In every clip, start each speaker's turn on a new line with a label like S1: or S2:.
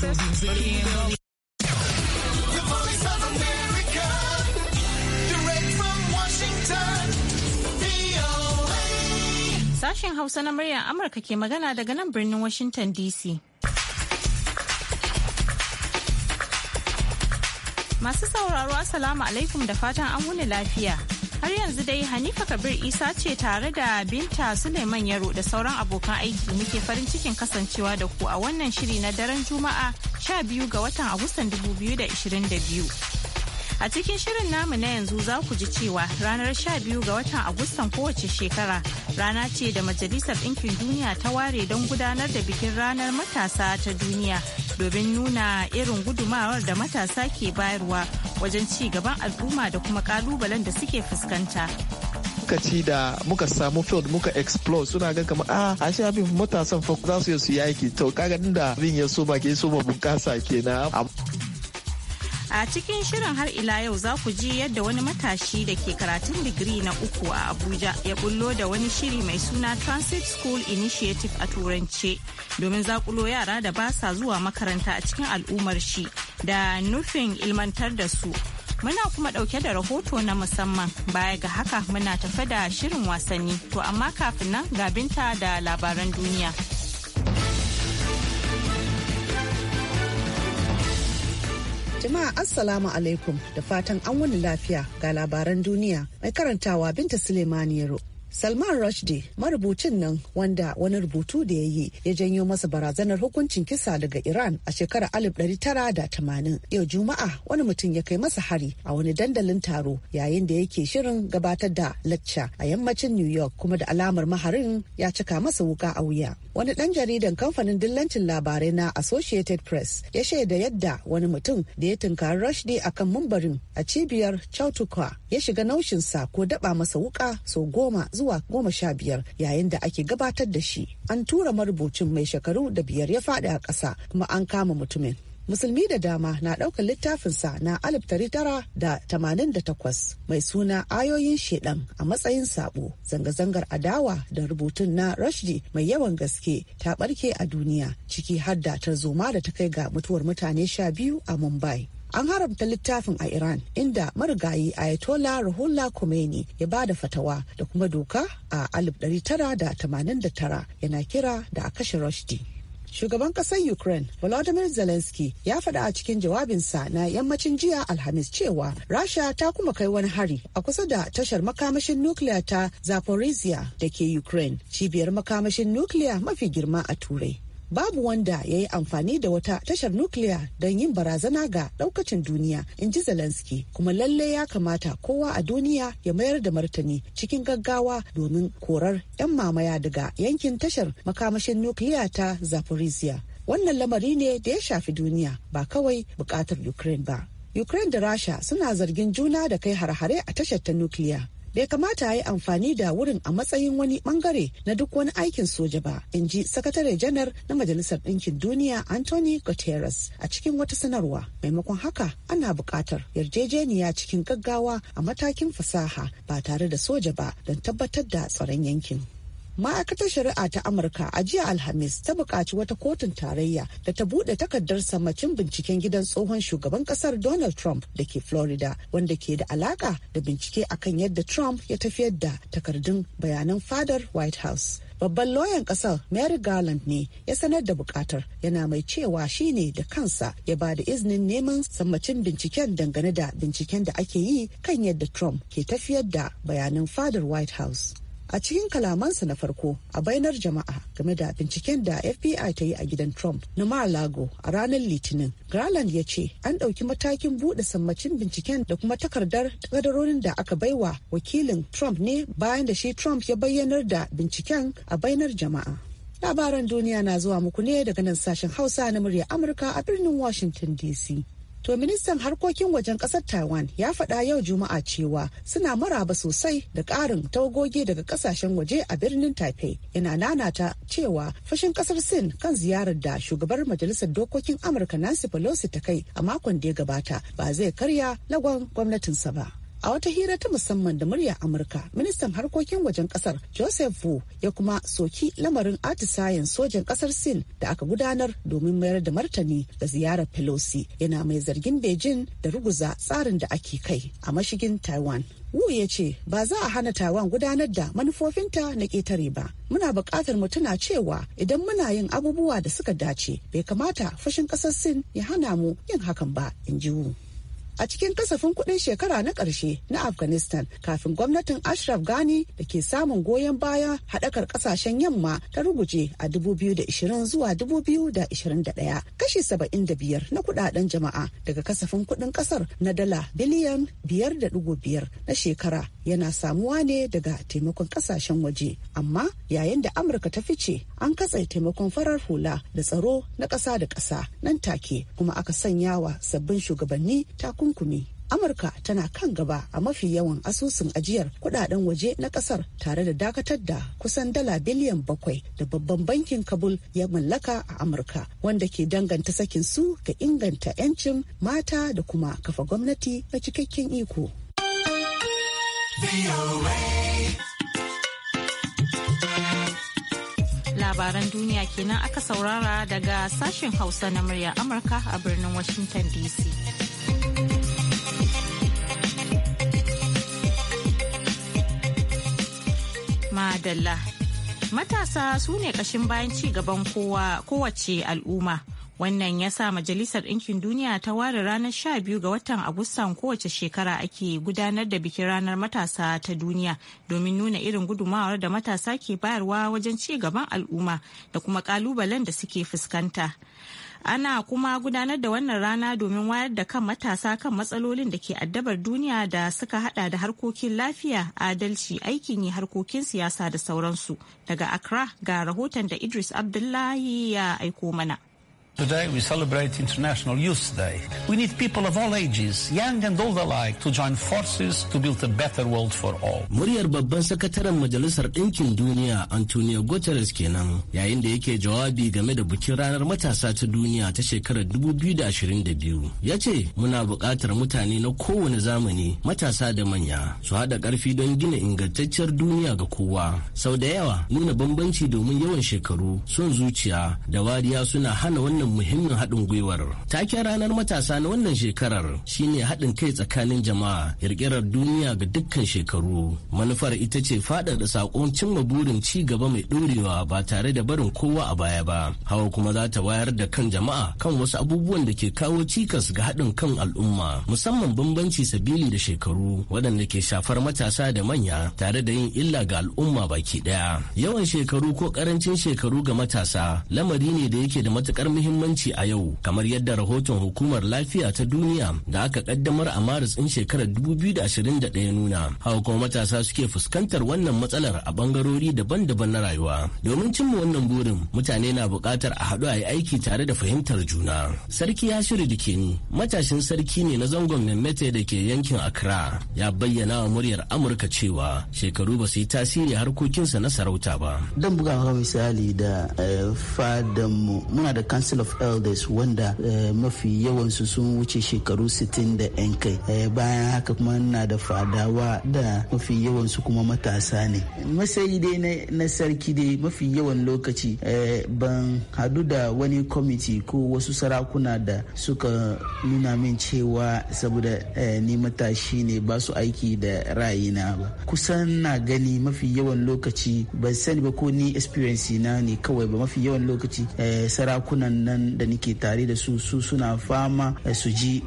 S1: Sashen
S2: Hausa na muryar Amurka ke magana daga nan birnin Washington DC. Masu sauraro Assalamu alaikum da fatan an wuni lafiya. Har yanzu dai Hanifa Kabir Isa ce tare da Binta Suleiman Yaro da sauran abokan aiki muke farin cikin kasancewa da ku a wannan shiri na daren Juma'a 12 ga watan Agustan 2022. A cikin shirin namu na yanzu za ku ji cewa ranar 12 ga watan Agustan kowace shekara rana ce da Majalisar Ɗinkin Duniya ta ware don gudanar da bikin ranar matasa ta duniya domin nuna irin gudumawar da matasa ke bayarwa wajen ci gaban al'umma da kuma kalubalen da suke fuskanta.
S3: lokaci da muka samu field muka explore suna gan kamar a ah, ashe abin matasan fa za su yi su yaki to kaga da abin ya soma ke soma bunƙasa kenan
S2: A cikin shirin har ila yau za ku ji yadda wani matashi da ke karatun digiri na uku a Abuja ya bullo da wani shiri mai suna Transit School Initiative a Turance domin zakulo yara da ba sa zuwa makaranta a cikin al'ummar shi da nufin ilmantar da su. Muna kuma ɗauke da rahoto na musamman baya ga haka muna tafe da shirin wasanni to amma kafin nan ga binta da labaran duniya.
S4: Jama'a Assalamu alaikum da fatan an wani lafiya ga labaran duniya mai karantawa Binta Sulemaniyaro. Salman Rushdie marubucin nan wanda wani rubutu da ya yi ya janyo masa barazanar hukuncin kisa daga Iran a shekarar 1980 yau Juma'a wani mutum ya kai masa hari a wani dandalin taro yayin da yake shirin gabatar da lacca a yammacin New York kuma da alamar maharin ya cika masa wuka a wuya. Wani ɗan jaridan kamfanin dillancin labarai na Associated Press ya shaida yadda wani mutum da ya tunkari Rushdie kan mumbarin a cibiyar Chautuqua ya shiga naushinsa ko daɓa masa wuka sau goma zuwa goma sha biyar yayin da ake gabatar da shi an tura marubucin mai shekaru da biyar ya faɗi a ƙasa kuma an kama mutumin musulmi da dama na ɗaukar littafinsa na alif da da tara tamanin tari takwas mai suna ayoyin shedan a matsayin sabo zanga-zangar adawa da rubutun na rashdi mai yawan gaske ta ɓarke a duniya ciki har da ta zoma da ta kai ga mutuwar mutane sha biyu a mumbai an haramta littafin a iran inda marigayi ayatollah ruhullah khomeini ya ba da fatawa da kuma doka a 1989 yana kira da a kashe rushdie shugaban kasar ukraine volodymyr zelensky ya faɗa a cikin jawabinsa na yammacin jiya alhamis cewa rasha ta kuma kai wani hari a kusa da tashar makamashin nukiliya ta zaporizhia da ke ukraine cibiyar makamashin nukiliya mafi girma a turai babu wanda ya yi amfani da wata tashar nukiliya don yin barazana ga daukacin duniya in ji zelensky kuma lalle ya kamata kowa a duniya ya mayar da martani cikin gaggawa domin korar 'yan mamaya daga yankin tashar makamashin nukiliya ta zaporizhia wannan lamari ne da ya shafi duniya ba kawai bukatar ukraine ba ukraine da rasha suna zargin juna da kai har-hare a tashar ta nukiliya bai kamata a yi amfani da wurin a matsayin wani bangare na duk wani aikin soja ba in ji sakatare janar na majalisar ɗinkin duniya anthony guterres a cikin wata sanarwa maimakon haka ana buƙatar yarjejeniya cikin gaggawa a matakin fasaha ba tare da soja ba don tabbatar da tsaron yankin ma'aikatar shari'a ta amurka a jiya alhamis ta bukaci wata kotun tarayya da ta buɗe takardar sammacin binciken gidan tsohon shugaban ƙasar donald trump da ke florida wanda ke da alaƙa da bincike akan yadda trump ya tafiyar da takardun bayanan fadar white house babban loyan kasar mary garland ne ya sanar da bukatar yana mai cewa shine da kansa ya ba da izinin neman sammacin binciken dangane da binciken da ake yi kan yadda trump ke tafiyar da bayanan fadar white house a cikin kalamansa na farko a bainar jama'a game da binciken da fbi ta yi a gidan trump na malago a ranar litinin garland ya ce an ɗauki matakin buɗe sammacin binciken da kuma takardar kadarorin da aka baiwa wakilin trump ne bayan da shi trump ya bayyanar da binciken a bainar jama'a labaran duniya na zuwa muku ne daga nan sashen hausa na murya amurka a birnin washington dc To ministan harkokin wajen kasar Taiwan ya faɗa yau Juma'a cewa suna maraba sosai da ƙarin tawagogi daga kasashen waje a birnin Taipei. Yana nanata cewa fashin kasar Sin kan ziyarar da shugabar majalisar dokokin Amurka Nancy Pelosi ta kai a makon da ya gabata ba zai karya lagon gwamnatinsa ba. A wata hira ta musamman da murya Amurka, ministan harkokin wajen kasar Joseph Wu ya kuma soki lamarin atisayen sojan kasar Sin da aka gudanar domin mayar da martani ga ziyarar Pelosi yana mai zargin Beijing da ruguza tsarin da ake kai a mashigin Taiwan. Wu ya ce ba za a hana Taiwan gudanar da manufofinta na ƙetare ba. Muna buƙatar mu tuna cewa idan muna yin abubuwa da suka dace bai kamata fushin ƙasar Sin ya hana mu yin hakan ba, in ji Wu. a cikin kasafin kuɗin shekara na ƙarshe na afghanistan kafin gwamnatin ashraf ghani da ke samun goyon baya haɗakar ƙasashen yamma ta ruguje a 2020 zuwa 2021 kashi 75 na kuɗaɗen jama'a daga kasafin kuɗin ƙasar na dala biliyan 5.5 na shekara yana samuwa ne daga taimakon kasashen waje amma yayin da amurka ta fice an katse taimakon farar hula da tsaro na ƙasa da ƙasa nan take kuma aka sanya wa sabbin shugabanni takunkumi amurka tana kan gaba a mafi yawan asusun ajiyar kudaden waje na kasar tare da dakatar da kusan dala biliyan bakwai da babban bankin kabul ya mallaka a amurka wanda ke danganta sakin su ga inganta 'yancin mata da kuma kafa gwamnati na cikakken iko
S2: Labaran duniya kenan aka saurara daga sashen Hausa na muryar Amurka a birnin Washington DC. Madalla. Matasa su ne ƙashin bayan ci gaban kowace al'umma. Wannan ya sa Majalisar Ɗinkin Duniya ta ware ranar 12 ga watan Agustan kowace shekara ake gudanar da bikin ranar matasa ta duniya domin nuna irin gudumawar da matasa ke bayarwa wajen ci gaban al'umma da kuma kalubalen da suke fuskanta. ana kuma gudanar da wannan rana domin wayar da kan matasa kan matsalolin da ke addabar duniya da suka hada da harkokin lafiya adalci aikin yi harkokin siyasa da sauransu daga accra ga rahoton da idris abdullahi ya aiko mana
S4: Today we celebrate International Youth Day. We need people of all ages, young and old alike, to join forces to build a better world for all.
S1: Muryar babban sakataren Majalisar Ɗinkin Duniya Antonio Guterres kenan yayin da yake jawabi game da bikin ranar matasa ta duniya ta shekarar 2022. Ya ce, muna buƙatar mutane na kowane zamani, matasa da manya, su haɗa ƙarfi don gina ingantacciyar duniya ga kowa. Sau da yawa, nuna bambanci domin yawan shekaru, son zuciya, da wariya suna hana wannan wannan muhimmin haɗin gwiwar. Taken ranar matasa na wannan shekarar shine haɗin kai tsakanin jama'a ƙirƙirar duniya ga dukkan shekaru. Manufar ita ce faɗaɗa saƙon cimma burin ci gaba mai ɗorewa ba tare da barin kowa a baya ba. Hawa kuma za ta wayar da kan jama'a kan wasu abubuwan da ke kawo cikas ga haɗin kan al'umma musamman bambanci sabili da shekaru waɗanda ke shafar matasa da manya tare da yin illa ga al'umma baki ɗaya. Yawan shekaru ko ƙarancin shekaru ga matasa lamari ne da yake da matuƙar muhimmanci muhimmanci a yau kamar yadda rahoton hukumar lafiya ta duniya da aka kaddamar a maris in shekarar da ya nuna hawa kuma matasa suke fuskantar wannan matsalar a bangarori daban-daban na rayuwa domin cimma wannan burin mutane na buƙatar a haɗu a yi aiki tare da fahimtar juna sarki ya shiri ni matashin sarki ne na zangon memete da ke yankin accra ya bayyana wa muryar amurka cewa shekaru ba su yi tasiri harkokinsa na sarauta ba dan bugawa misali da eh, fadanmu muna da kansila. of elders wanda eh, mafi yawansu sun wuce shekaru 60 da 'yan kai eh, bayan haka kuma na da fadawa da mafi yawansu kuma matasa ne masayi dai na sarki dai mafi yawan lokaci eh, ban hadu da wani kwamiti ko wasu sarakuna da suka nuna min cewa saboda ni matashi ne ba su aiki da ra'ayina ba kusan na gani mafi yawan lokaci ban sani ba ko ni experience na ne kawai ba mafi yawan lokaci sarakunan nan da nake tare da su su suna fama eh, su ji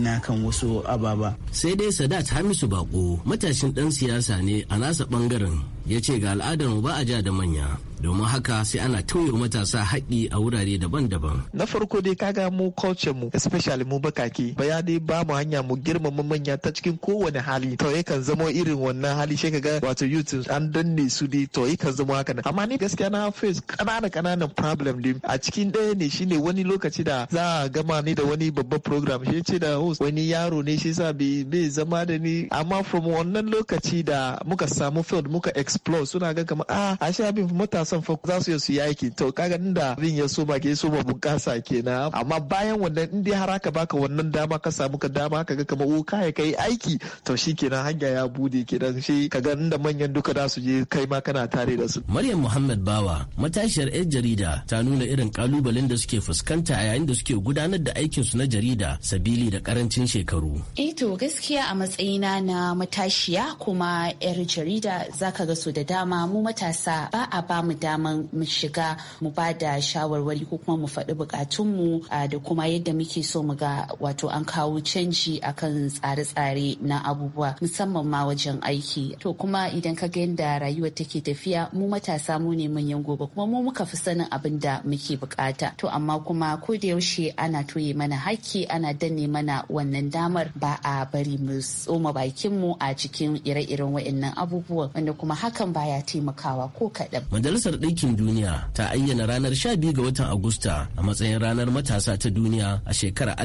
S1: na kan wasu ababa sai dai sadat hamisu bako matashin dan siyasa ne a nasa bangaren ya ce ga al'adar mu ba a ja da manya domin haka sai ana tauye matasa haƙƙi a wurare daban-daban.
S3: Na farko dai kaga mu culture mu especially mu bakake bayani ba mu hanya mu girmama manya ta cikin kowane hali to kan zama irin wannan hali shi kaga wato youth an danne su dai to kan zama haka nan amma ni gaskiya na face kanana kananan problem din a cikin ɗaya ne shine wani lokaci da za a gama ni da wani babban program shi ce da host wani yaro ne shi sa bai zama da ni amma from wannan lokaci da muka samu field muka ex plus suna ga kamar a ah, a sha bin matasan fa za su yi su yaki to kaga inda abin ya so ba ke so ba bunkasa kenan amma bayan wannan in dai har aka baka wannan dama ka samu ka dama ka ga kamar o oh, kai kai aiki to shikenan hanya ya bude kenan shi kaga inda manyan duka za su je
S1: kai ma kana tare da su Maryam Muhammad Bawa matashiyar yar jarida ta nuna irin kalubalen da suke fuskanta a yayin da suke gudanar da aikin su na jarida sabili da karancin shekaru
S2: eh to gaskiya a matsayina na matashiya kuma 'yar jarida zaka ga so da dama mu matasa ba a ba mu daman mu shiga mu ba da shawarwari ko kuma mu faɗi bukatunmu da kuma yadda muke so mu ga wato an kawo canji akan tsare-tsare na abubuwa musamman ma wajen aiki to kuma idan ka ga yadda rayuwar take tafiya mu matasa mu ne manyan gobe kuma mu muka fi sanin abin da muke bukata to amma kuma ko da yaushe ana toye mana hakki ana danne mana wannan damar ba a bari mu tsoma bakinmu a cikin ire-iren waɗannan abubuwan wanda kuma haka hakan baya
S4: taimakawa ko kaɗan. Majalisar Ɗinkin
S1: Duniya ta ayyana ranar 12 ga watan Agusta a matsayin ranar matasa ta duniya a shekarar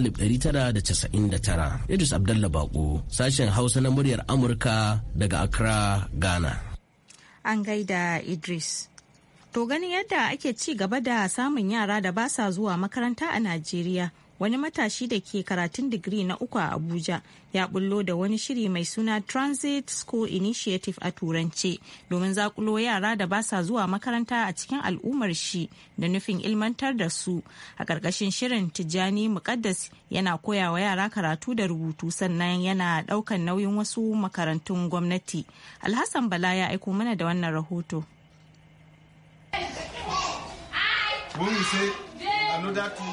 S1: tara Idris Abdalla Bako, sashen Hausa na muryar Amurka daga Accra, Ghana.
S2: An gaida Idris. To ganin yadda ake ci gaba da samun yara da ba sa zuwa makaranta a Najeriya wani matashi da ke karatun digiri na uku a abuja ya bullo da wani shiri mai suna transit school initiative a turance domin zakulo yara da ba sa zuwa makaranta a cikin al'ummar shi da nufin ilmantar da su a ƙarƙashin shirin tijjani muƙaddas yana koya wa yara karatu da rubutu sannan yana ɗaukan nauyin wasu makarantun gwamnati alhassan bala ya aiko mana da wannan rahoto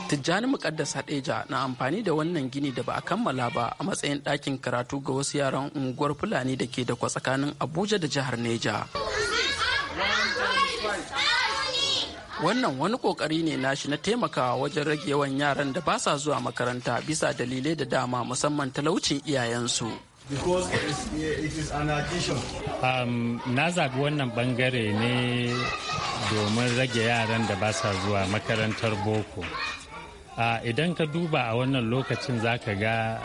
S5: Tijjani Muƙaddas Hadeja na amfani da wannan gini da ba a kammala ba a matsayin ɗakin karatu ga wasu yaran unguwar Fulani da ke da tsakanin Abuja da jihar Neja. Wannan wani kokari ne nashi na taimakawa wajen rage yawan yaran da ba sa zuwa makaranta bisa dalilai da dama musamman talaucin
S1: iyayensu.
S6: Um, na zaɓi wannan ɓangare ne domin rage yaran da ba sa zuwa makarantar boko. Uh, idan ka duba a wannan lokacin za ka ga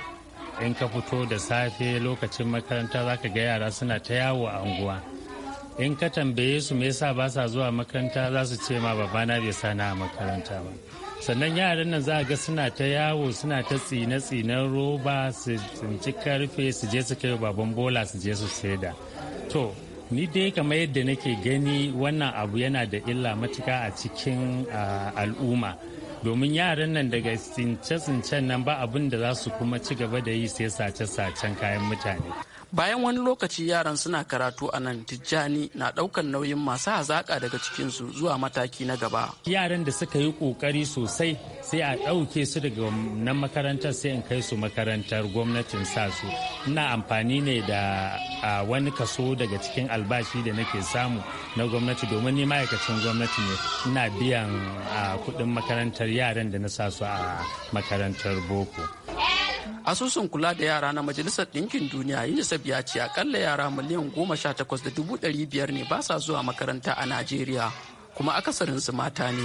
S6: in ka fito da safe lokacin makaranta za ka ga yara suna ta yawo a unguwa. In ka tambaye su me yasa ba sa zuwa makaranta za su ce ma babana bai sana a makaranta ba. sannan yaran nan za a ga suna ta yawo suna ta tsine-tsinen roba su tsinci karfe su je su kai baban bola su je su saida to ni dai kamar yadda nake gani wannan abu yana da illa matuka a cikin al'umma domin yaran nan daga tsince-tsincen nan ba abin da za su kuma ci gaba da yi sai sace-sacen kayan mutane
S5: bayan wani lokaci yaran suna karatu a nan tijjani na daukan nauyin masu hazaƙa daga cikinsu zuwa mataki na gaba
S6: yaran da suka yi ƙoƙari sosai sai a ɗauke su daga nan makarantar sai in kai su makarantar gwamnatin sasu ina amfani ne da wani kaso daga cikin albashi da nake samu na gwamnati domin ni ma'aikacin gwamnati ne ina biyan kuɗin makarantar yaran da na sa su a makarantar boko asusun kula da yara na
S5: majalisar ɗinkin duniya unicef ya ce akalla yara miliyan goma sha takwas da dubu ɗari biyar ne ba sa zuwa makaranta a najeriya kuma akasarinsu mata ne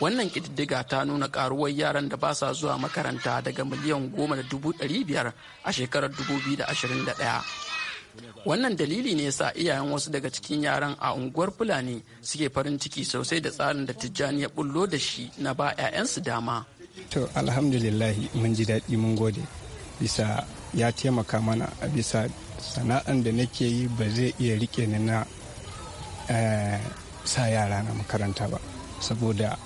S5: wannan ƙididdiga ta nuna karuwar yaran da ba sa zuwa makaranta daga miliyan goma da dubu ɗari biyar a shekarar dubu biyu da ashirin da ɗaya wannan dalili ne sa iyayen wasu daga cikin yaran a unguwar fulani suke farin ciki sosai da tsarin da tijjani ya bullo da shi na ba 'ya'yansu dama
S7: to alhamdulillahi mun ji daɗi mun gode bisa ya taimaka mana a bisa sana'an da nake yi ba zai iya rike ni na eh, sa yara na makaranta ba saboda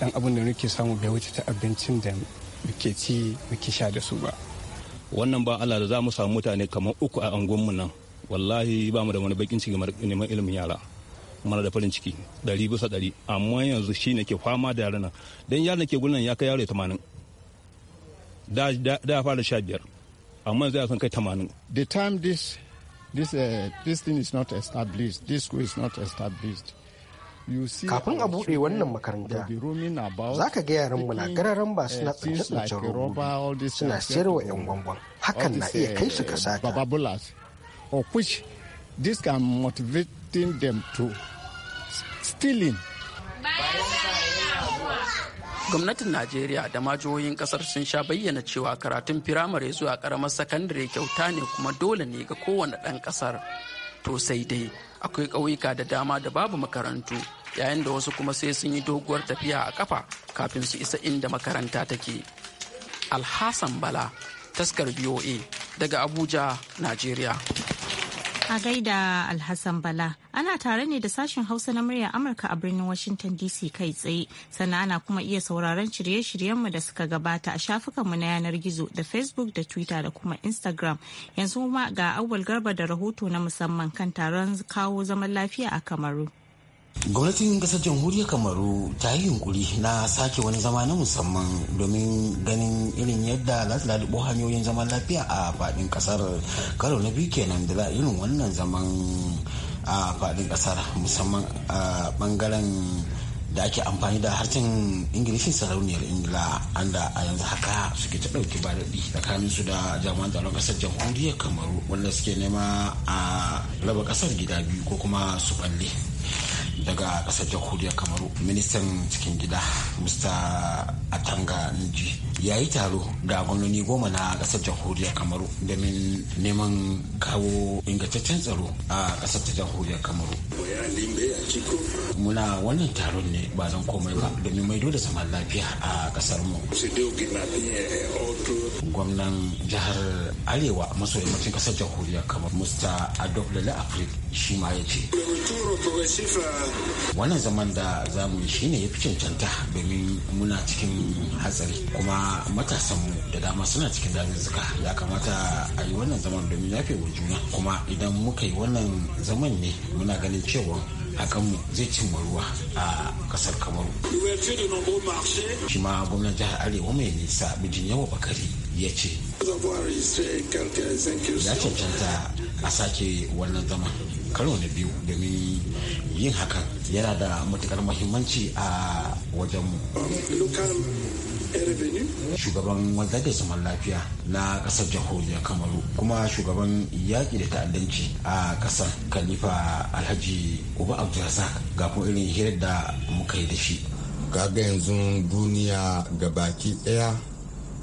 S7: dan abin da nake samu bai wuce ta abincin da muke ci muke sha da su ba wannan ba Allah da za mu samu mutane kamar uku a mu nan wallahi ba mu da wani bakin ciki neman ilimin yara mana da farin ciki ɗari bisa ɗari amma yanzu shi ne ke fama da yaran nan don yaran ke gudunan ya kai yaro tamanin da ya fara sha biyar amma yanzu ya san kai tamanin. the time this this uh, this thing is not established this school is not established kafin a buɗe wannan makaranta za ka ga yaran mu na gararan ba uh, suna tsince-tsincen robobi suna sayarwa uh, 'yan gwangwan hakan na iya kai su ga uh, sata This can motivating
S8: them to stealing.
S5: Gwamnatin Najeriya da majiyoyin kasar sun sha bayyana cewa karatun firamare zuwa karamar sakandare kyauta ne kuma dole ne ga kowane ɗan ƙasar. To sai dai akwai ƙauyuka da dama da babu makarantu yayin da wasu kuma sai sun yi doguwar tafiya a ƙafa kafin su isa inda makaranta take. Alhassan Bala, taskar BOA daga Abuja, Najeriya.
S2: A gaida Alhassan Bala, ana tare ne da sashen Hausa na murya Amurka a birnin Washington DC kai tsaye, sannan ana kuma iya sauraron shirye-shiryenmu da suka gabata a shafukanmu na yanar gizo da Facebook da Twitter da kuma Instagram. Yanzu kuma ga Auwal Garba da rahoto na musamman kan taron kawo zaman lafiya a Kamaru.
S9: gwamnatin kasar jamhuriyar kamaru ta yi yunkuri na sake wani zama na musamman domin ganin irin yadda za ta lalubo hanyoyin zaman lafiya a faɗin kasar karo na biyu kenan da za irin wannan zaman a faɗin kasar musamman a bangaren da ake amfani da harshen ingilishin sarauniyar ingila anda a yanzu haka suke ta ɗauki ba daɗi tsakanin su da jami'an tsaron kasar jamhuriyar kamaru wanda suke nema a raba ƙasar gida biyu ko kuma su balle daga ƙasar jamhuriyar kamaru ministan cikin gida mr atanga niji ya yi taro da gwamnoni goma na ƙasar jamhuriyar kamaru domin neman kawo ingantaccen tsaro a kasar jamhuriyar kamaru muna wannan taron ne ba don komai ba domin maido da zaman lafiya a kasar mu gwamnan jihar arewa maso yammacin kasar jamhuriyar kamar musta adoblele afrik shi ma ya ce wannan zaman da za mu yi shine ya fi cancanta domin muna cikin hatsari kuma matasanmu da dama suna cikin zuka ya kamata a yi wannan zaman domin yafe wa juna kuma idan muka yi wannan zaman ne muna ganin cewa a kanmu zai cimma ruwa a kasar kamaru shi ma gwamnan jihar arewa mai nisa mijin yawa bakari ya ce ya cancanta a sake wannan zama karo na biyu domin yin hakan yana da matukar mahimmanci a wajenmu shugaban wanda ke saman lafiya na kasar jamhuriyar kamaru kuma shugaban yaƙi da ta'addanci a kasar khalifa alhaji
S7: uba abdulrazak ga kuma irin hirar da muka yi da shi kaga yanzu duniya ga baki ɗaya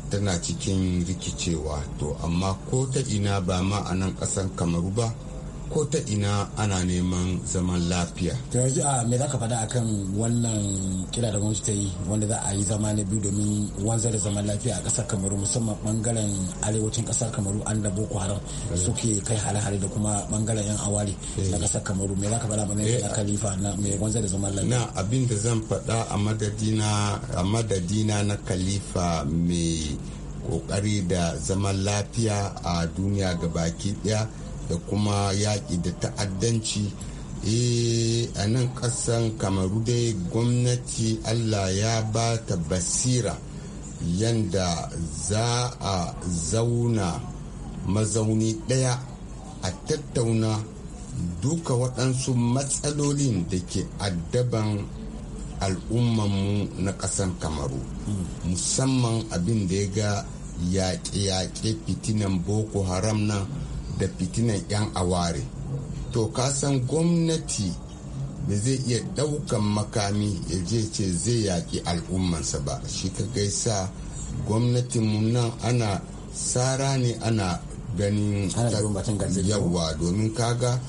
S7: tana cikin rikicewa to amma ko ta ina ba ma a nan ƙasar kamaru ba ko ta ina ana neman zaman lafiya.
S9: yanzu a ah, me za ka faɗa akan wannan kira da gwamnati ta yi wanda za a yi zama na biyu domin wanzar da zaman lafiya a ƙasar Kamaru musamman bangaren arewacin ƙasar Kamaru an da Boko Haram suke kai hare-hare da kuma bangaren yan awari na eh. ƙasar Kamaru me za ka faɗa mana a eh. kalifa na me wanzar da zaman lafiya. Na
S7: abin da zan faɗa a madadina a madadina na kalifa mai kokari da zaman lafiya a duniya ga baki daya da kuma yaƙi da ta'addanci eh, a nan ƙasan kamaru dai gwamnati allah ya ba ta basira yanda za a zauna mazauni ɗaya a tattauna duka waɗansu matsalolin da ke addaban al'ummanmu na ƙasan kamaru musamman abin da ya ga yaƙe-yaƙe fitinan boko haram nan da fitinan 'yan aware to kasan gwamnati ba zai iya ɗaukan makami ya je ce zai yaƙi al'ummansa ba shi ka gaisa gwamnatinmu nan ana tsara ne ana ganin yawa domin kaga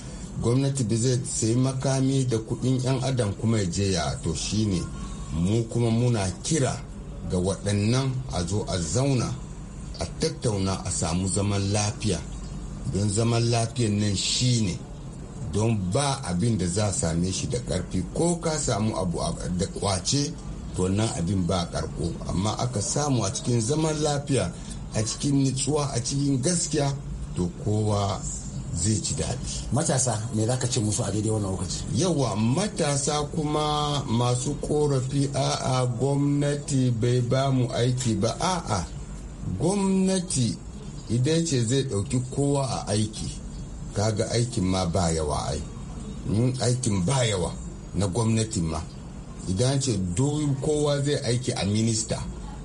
S7: gwamnati da zai sai makami da kuɗin 'yan adam kuma ya je ya to shine mu kuma muna kira ga waɗannan a zo a zauna a tattauna a samu zaman lafiya don zaman lafiyan nan shi ne don ba abin da za same shi da karfi ko ka samu abu da kwace to nan abin ba karko amma aka samu a cikin zaman lafiya a cikin nutsuwa a cikin gaskiya to kowa zai ci daɗi. Matasa me za ka ce musu a daidai wannan lokaci? Yawa matasa kuma masu korafi a'a gwamnati bai ba mu aiki ba a'a gwamnati idan ce zai ɗauki kowa a aiki kaga aikin ma ba yawa ai aikin ba yawa na gwamnati ma idan ce kowa zai aiki a minista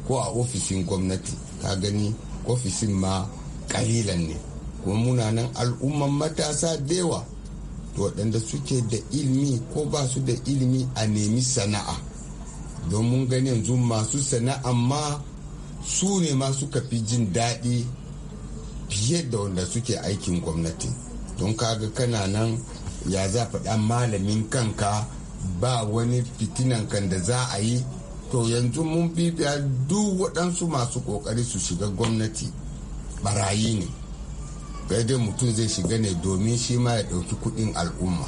S7: ko a ofishin gwamnati ka gani ofishin ma kalilan ne kuma muna nan al'umman matasa da yawa waɗanda suke da ilimi ko ba su da ilimi a nemi sana'a don mun gani yanzu masu sana'a ma su ne ma suka fi jin daɗi fiye da wanda suke aikin gwamnati don kaga kana nan ya za faɗa malamin kanka ba wani fitinan kan da za a yi to yanzu mun bibiya duk waɗansu masu ƙoƙari su shiga gwamnati barayi ne dai mutum zai shiga ne domin shi ma ya ɗauki kuɗin al'umma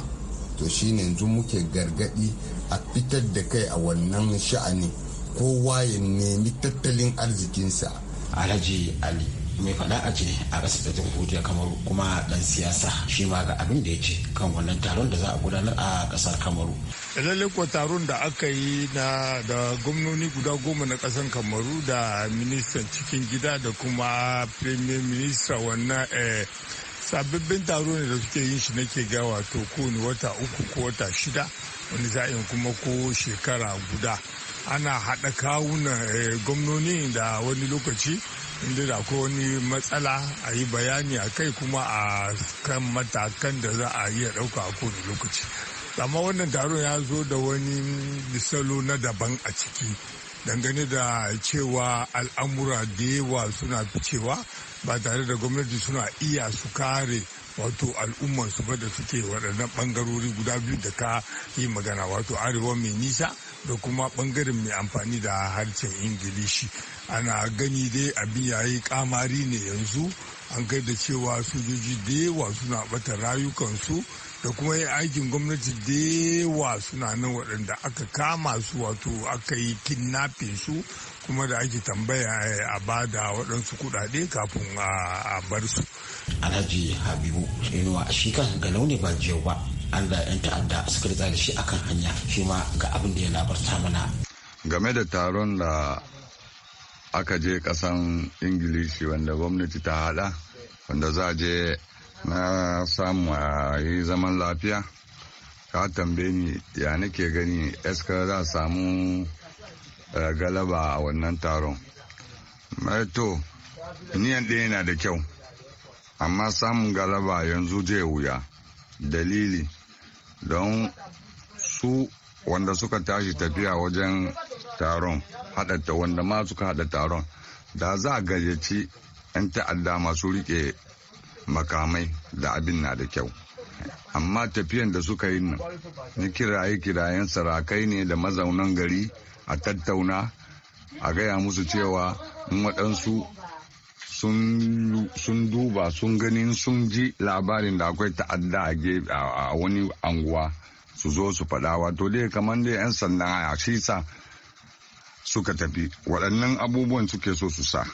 S7: to shi ne yanzu muke gargaɗi a fitar da kai a wannan sha'ani kowa ya nemi tattalin arzikinsa
S9: alhaji ali mai faɗa a ce a rasa ta jamhuriyar kamaru kuma dan siyasa shi ma ga abin da ya ce kan wannan taron da za a gudanar a kasar kamaru
S8: lallai ko taron da aka yi na da gwamnoni guda goma na kasar kamaru da ministan cikin gida da kuma premier minista wannan eh, sababbin taro ne da suke yin shi nake ga wato kowane wata uku ko wata shida wani za'in kuma ko shekara guda ana haɗa kawunan eh, gwamnoni da wani lokaci inda da ko wani matsala a yi bayani a kai kuma a kan matakan da za a iya ɗauka a kowane lokaci amma wannan taron ya zo da wani misalo na daban a ciki dangane da cewa al'amura da yawa suna ficewa ba tare da gwamnati suna iya su kare wato al'ummarsu ba da suke waɗannan ɓangarori guda biyu da ka yi magana wato arewa mai nisa da kuma bangaren mai amfani da harshen ingilishi ana gani dai abin yayi kamari ne yanzu an kai da cewa sojoji da yawa suna bata rayukansu da kuma yi aikin gwamnati da yawa suna nan waɗanda aka kama su wato aka yi kidnapping su kuma da ake tambaya eh, a ba da waɗansu kuɗaɗe kafin a bar su. Alhaji Habibu shi kan ga launi ba jiyau ba an da 'yan ta'adda
S9: suka ritsa da shi akan hanya shi ma ga abin da ya labarta mana
S10: game da taron da aka je kasan ingilishi wanda gwamnati ta hada wanda za je na samu a yi zaman lafiya ka tambaye ni ya nake gani eska za samu eh, galaba a wannan taron eh, to niyan ɗaya yana da kyau amma samun galaba yanzu zai wuya dalili don su wanda suka tashi tafiya wajen taron haɗata wanda ma suka haɗa taron da za a gayyaci 'yan ta'adda masu rike makamai da abin na da kyau amma tafiyan da suka yi nan ni kiraye kirayen sarakai ne da mazaunan gari a tattauna a gaya musu cewa in waɗansu sun duba sun ganin sun ji labarin da akwai ta'adda a wani anguwa su zo su faɗa wato dai kamar dai 'yan sandan a shi sa suka tafi waɗannan abubuwan suke so su sa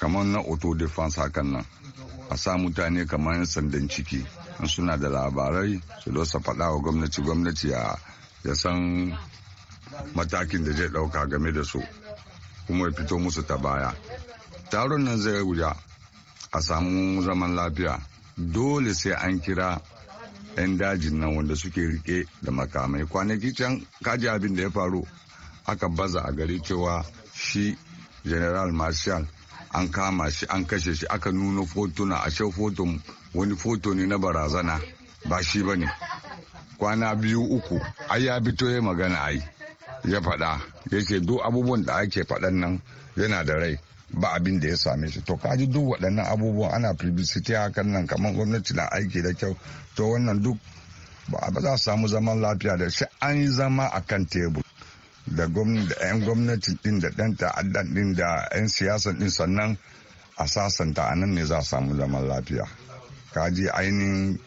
S10: kamar na auto defense hakan nan a sa mutane kamar 'yan sandan ciki in suna da labarai su zo su faɗa wa gwamnati gwamnati ya san matakin da zai ɗauka game da su kuma ya fito musu ta baya taron nan zai wuya a samu zaman lafiya dole sai an kira 'yan dajin nan wanda suke rike da makamai kwanaki can kaji abin da ya faru aka baza a gari cewa shi general marshal an kama shi an kashe shi aka nuna fotuna a shan foton wani foto ne na barazana ba shi ba ne kwana biyu uku ai ya fito ya magana ai ya faɗa ya ce duk abubuwan da ake faɗan nan yana da rai ba abin da ya same shi to kaji duk waɗannan abubuwan ana publicity hakan nan kamar gwamnati na aiki da kyau to wannan duk ba za su samu zaman lafiya da shi an yi zama a kan tebur da 'yan gwamnati din da ɗan ta'addan din da 'yan siyasa din sannan a sasanta a nan ne za a samu zaman lafiya kaji ainihin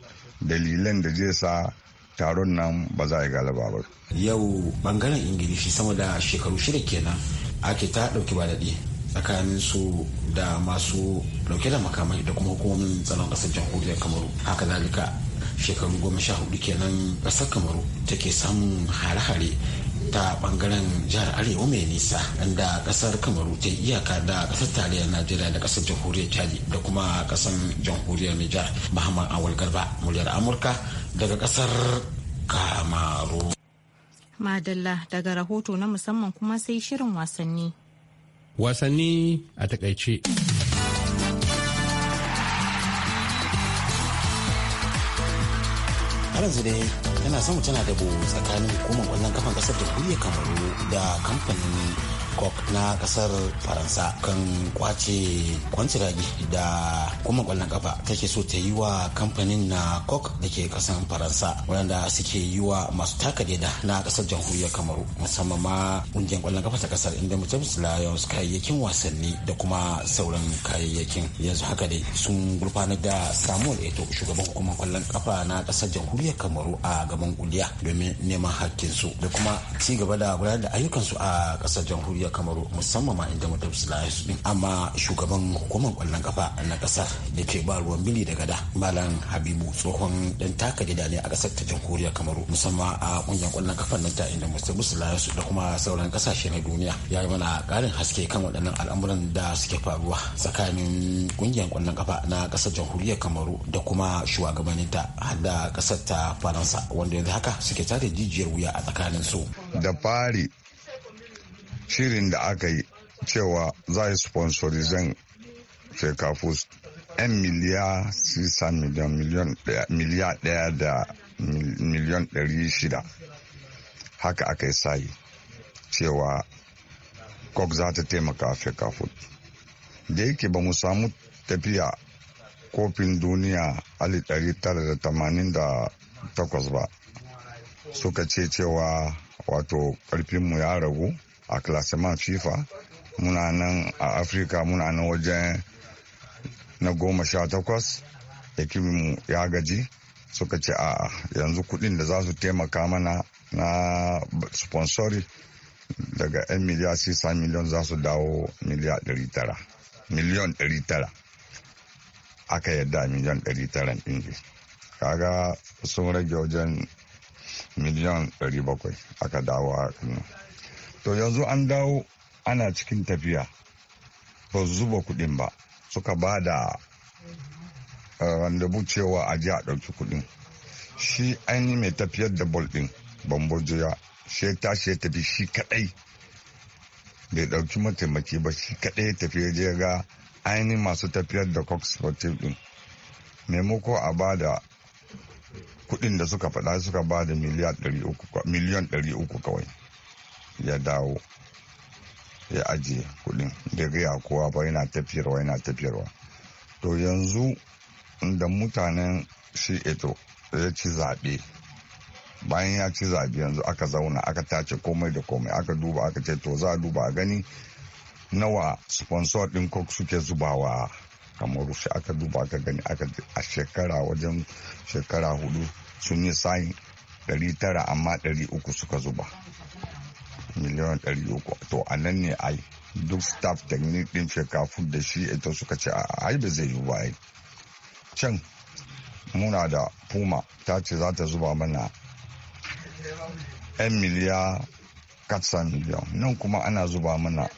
S10: dalilan da zai sa taron nan ba za a yi galaba ba yau bangaren ingilishi sama da shekaru shida kenan
S9: ake ta ɗauki ba daɗi tsakanin su da masu dauke da makamai da kuma hukumomin tsaron kasar jamhuriyar kamaru haka zalika shekaru goma sha hudu kenan kasar kamaru take samun hare-hare ta bangaren jihar arewa mai nisa inda kasar kamaru ta iyaka da kasar tarayyar najeriya da kasar jamhuriyar chadi da kuma kasar jamhuriyar nijar muhammad awal garba muryar amurka daga kasar
S7: kamaru
S2: madalla daga rahoto na musamman kuma sai shirin wasanni
S7: wasanni a takaice. har yanzu dai tana samu
S9: tana dabo tsakanin hukumar ƙwallon kafan kasar da kamaru da kamfanin kok na kasar Faransa kan kwace kwanciragi da kuma kwallon kafa take so ta yi wa kamfanin na kok da ke kasar Faransa wadanda suke yi wa masu taka da na kasar jamhuriyar Kamaru musamman ma kungiyar kwallon kafa ta kasar inda mutum Lions kayayyakin wasanni da kuma sauran kayayyakin yanzu haka dai sun gurfanar da Samuel Eto shugaban hukumar kwallon kafa na kasar jamhuriyar Kamaru a gaban kuliya domin neman su da kuma ci gaba da gudanar da su a kasar jamhuriyar jamhuriyar kamaru musamman ma inda mutum sulahisu din amma shugaban hukumar kwallon kafa na kasar da ke ba ruwan bili da gada malam habibu tsohon dan taka gida ne a kasar ta jamhuriyar kamaru musamman a kungiyar kwallon kafa nan ta inda mutum sulahisu da kuma sauran kasashe na duniya ya yi mana karin haske kan waɗannan al'amuran da suke faruwa tsakanin kungiyar kwallon kafa na kasar jamhuriyar kamaru da kuma shugabanninta ta da kasar ta faransa wanda yanzu haka suke
S10: tare jijiyar wuya a tsakanin su da fari shirin da aka yi cewa za a yi sponsorizan shekafus 'yan miliya sisa miliyan miliyan daya da miliyan dari haka aka yi sayi cewa kok za ta taimaka shekafus da yake ba mu samu tafiya kofin duniya ali 1988 ba suka ce cewa wato karfinmu ya ragu a klasaman fifa muna nan a afirka muna nan wajen na goma sha takwas mu ya gaji suka ce a yanzu kudin da za su taimaka mana na sponsori daga 'yan miliyan sisa miliyon za su dawo miliyan 900 aka yadda miliyan 900 ɗin kaga sun rage wajen miliyan 700 aka dawo a kanu to yanzu an dawo ana cikin tafiya ba su zuba kuɗin ba suka ba da eh, randabu cewa a ji a ɗauki kuɗin shi an yi mai tafiyar da bol ɗin bambojoya shi tashi ya tafi shi kaɗai bai ɗauki mataimaki ba shi kaɗai ya tafi ya je ga ainihin masu tafiyar da cox sportive ɗin maimako a ba da kuɗin da suka faɗa suka ba da miliyan uku kawai ya dawo ya ajiye kudin da gaya kowa ba yana tafiyarwa yana tafiyarwa to yanzu da mutanen shi eto ya ci zaɓe bayan ya ci zaɓe yanzu aka zauna aka tace komai da komai aka duba aka ce to za a duba a gani nawa sponsor ɗin kok suke zubawa kamar shi aka duba aka gani aka a shekara wajen shekara hudu sun yi sayin 900 amma 300 suka zuba miliyan 300 to a nan ne ai duk staff technique din shekafu da shi ita suka ce a ai ba zai yi ba ai can muna da puma ta ce za ta zuba mana 'yan miliyan katsa miliyan nan kuma ana zuba mana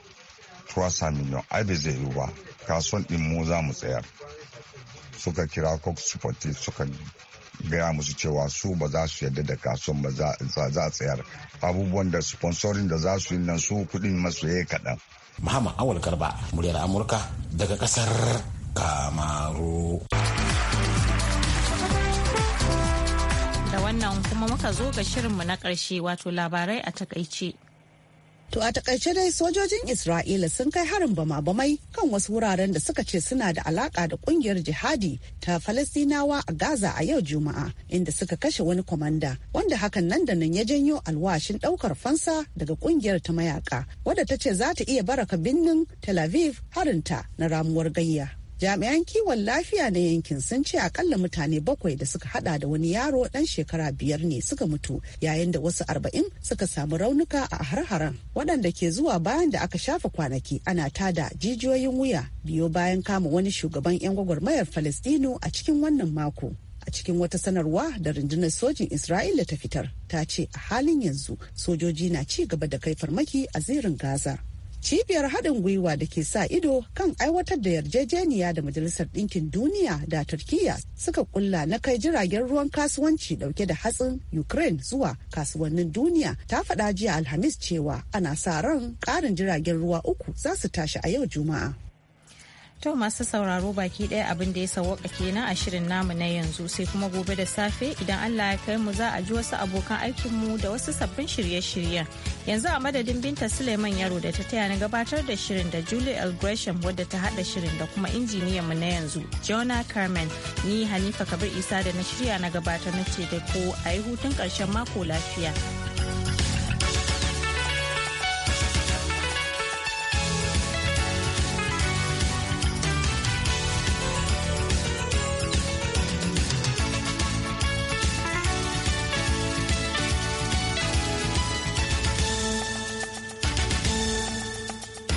S10: turasa miliyan ai bai zai yi ba kasuwan din mu za mu tsayar suka kira cox supportive suka gaya musu cewa su ba za su yadda da kasuwan ba za a tsayar abubuwan da sponsorin da za su yi nan su kudin masu yayi kaɗan. Muhammad Awal Garba muryar Amurka daga ƙasar Kamaru.
S2: Da wannan kuma muka zo ga shirinmu na ƙarshe wato labarai a takaice.
S4: To a takaice dai sojojin Isra'ila sun kai harin bama-bamai kan wasu wuraren da suka ce suna da alaka da kungiyar jihadi ta Falastinawa a Gaza a yau Juma'a inda suka kashe wani kwamanda wanda hakan nan da nan ya janyo alwashin daukar fansa daga kungiyar ta mayaka wadda ta ce za ta iya baraka birnin Tel Aviv harinta na ramuwar gayya. jami'an kiwon lafiya na yankin sun ce akalla mutane bakwai da suka hada da wani yaro dan shekara biyar ne suka mutu yayin da wasu arba'in suka samu raunuka a har-haren waɗanda ke zuwa bayan da aka shafa kwanaki ana tada jijiyoyin wuya biyo bayan kama wani shugaban 'yan gwagwarmayar falistino a cikin wannan mako a cikin wata sanarwa da rundunar sojin isra'ila ta fitar ta ce a halin yanzu sojoji na ci gaba da kai farmaki a zirin gaza cibiyar haɗin gwiwa da ke sa ido kan aiwatar da yarjejeniya da majalisar ɗinkin duniya da turkiyya suka kulla na kai jiragen ruwan kasuwanci ɗauke da hatsin ukraine zuwa kasuwannin duniya ta faɗa jiya alhamis cewa ana sa ran ƙarin jiragen ruwa uku za su tashi a yau juma'a
S2: To masu sauraro baki ɗaya abin da ya sauwaka kenan a shirin namu na yanzu sai kuma gobe da safe idan Allah ya kai mu za a ji wasu abokan mu da wasu sabbin shirye-shiryen. Yanzu a madadin Binta Suleiman Yaro da ta taya na gabatar da shirin da Julie L. wadda ta haɗa shirin da kuma injiniyan mu na yanzu Jonah Carmen ni Hanifa Kabir Isa da na shirya na gabatar na ce da ko a yi hutun karshen mako lafiya.